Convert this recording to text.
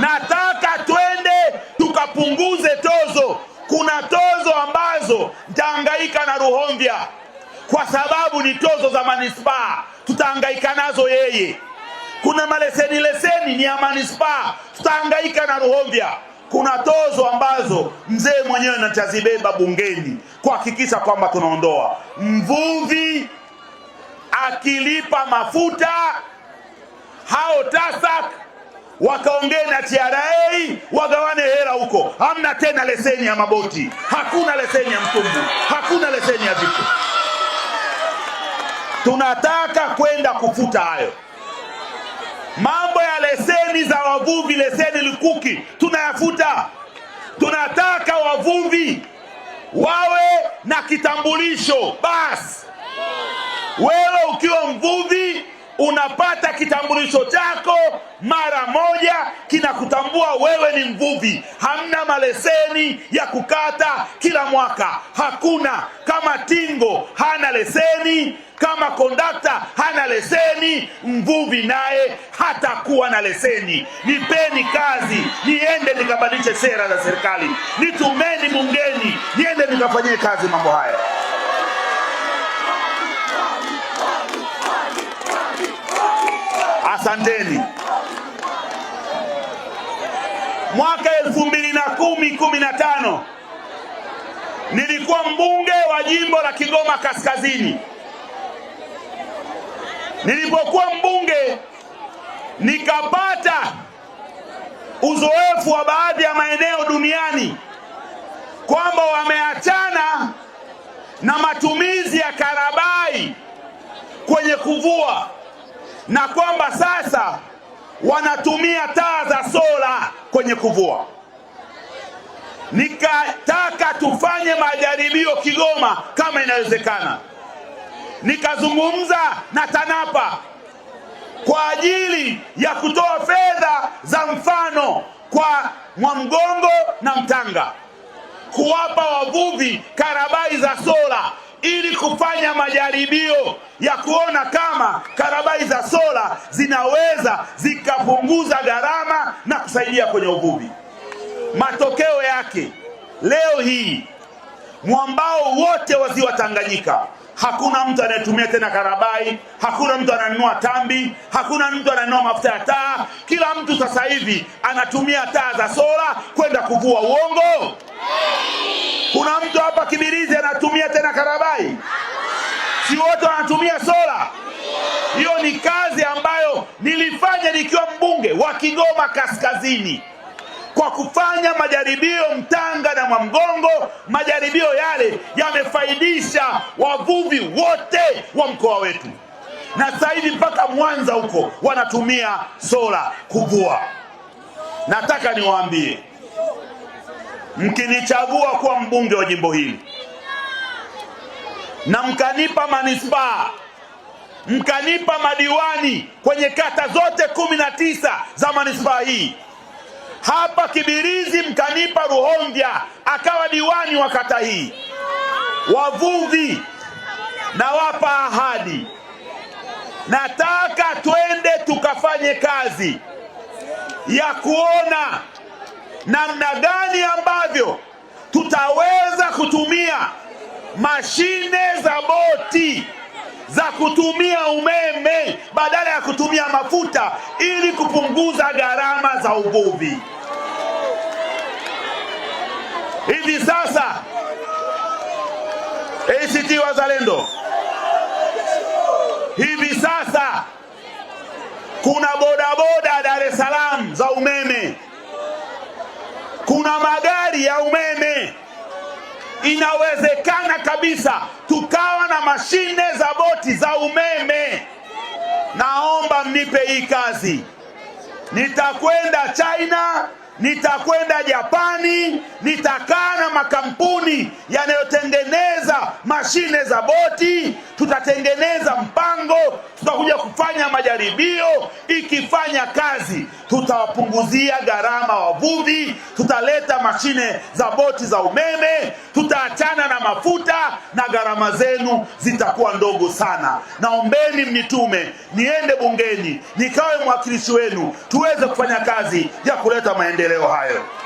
nataka twende tukapunguze tozo. Kuna tozo ambazo nitahangaika na Ruhomvya kwa sababu ni tozo za manispaa, tutahangaika nazo yeye. Kuna maleseni leseni ni ya manispaa, tutahangaika na Ruhomvya. Kuna tozo ambazo mzee mwenyewe natazibeba bungeni kuhakikisha kwamba tunaondoa. Mvuvi akilipa mafuta hao TASAC wakaongee na TRA wagawane hela huko. Hamna tena leseni ya maboti, hakuna leseni ya mtumbu, hakuna leseni ya vitu. Tunataka kwenda kufuta hayo mambo ya leseni za wavuvi, leseni lukuki tunayafuta. Tunataka wavuvi wawe na kitambulisho basi. Wewe ukiwa mvuvi unapata kitambulisho chako mara moja, kinakutambua wewe ni mvuvi. Hamna maleseni ya kukata kila mwaka, hakuna. Kama tingo hana leseni, kama kondakta hana leseni, mvuvi naye hatakuwa na leseni. Nipeni kazi, niende nikabadilishe sera za serikali, nitumeni bungeni, niende nikafanyie kazi mambo haya. Asanteni. Mwaka elfu mbili na kumi kumi na tano nilikuwa mbunge wa jimbo la Kigoma Kaskazini. Nilipokuwa mbunge, nikapata uzoefu wa baadhi ya maeneo duniani kwamba wameachana na matumizi ya karabai kwenye kuvua na kwamba sasa wanatumia taa za sola kwenye kuvua. Nikataka tufanye majaribio Kigoma kama inawezekana. Nikazungumza na TANAPA kwa ajili ya kutoa fedha za mfano kwa Mwamgongo na Mtanga kuwapa wavuvi karabai za sola ili kufanya majaribio ya kuona kama karabai za sola zinaweza zikapunguza gharama na kusaidia kwenye uvuvi. Matokeo yake leo hii mwambao wote wa ziwa Tanganyika hakuna mtu anayetumia tena karabai, hakuna mtu ananunua tambi, hakuna mtu ananunua mafuta ya taa. Kila mtu sasa hivi anatumia taa za sola kwenda kuvua. Uongo? Kuna mtu hapa Kibirizi karabai? Si wote wanatumia sola? Hiyo ni kazi ambayo nilifanya nikiwa mbunge wa Kigoma Kaskazini kwa kufanya majaribio Mtanga na Mwamgongo. Majaribio yale yamefaidisha wavuvi wote wa mkoa wetu, na sasa hivi mpaka Mwanza huko wanatumia sola kuvua. Nataka niwaambie, mkinichagua kuwa mbunge wa jimbo hili na mkanipa manispaa mkanipa madiwani kwenye kata zote kumi na tisa za manispaa hii. Hapa Kibirizi mkanipa Ruhonja akawa diwani wa kata hii. Wavuvi nawapa ahadi, nataka twende tukafanye kazi ya kuona namna gani ambavyo tutaweza kutumia mashine za boti za kutumia umeme badala ya kutumia mafuta ili kupunguza gharama za uvuvi. Hivi sasa ACT Wazalendo, hivi sasa kuna bodaboda Dar es Salaam za umeme, kuna magari ya umeme inawezekana kabisa tukawa na mashine za boti za umeme. Naomba mnipe hii kazi, nitakwenda China, nitakwenda Japani, nitakaa na makampuni yanayotengeneza mashine za boti, tutatengeneza mpango tunakuja kufanya majaribio, ikifanya kazi tutawapunguzia gharama wavuvi, tutaleta mashine za boti za umeme, tutaachana na mafuta na gharama zenu zitakuwa ndogo sana. Naombeni mnitume niende bungeni nikawe mwakilishi wenu tuweze kufanya kazi ya kuleta maendeleo hayo.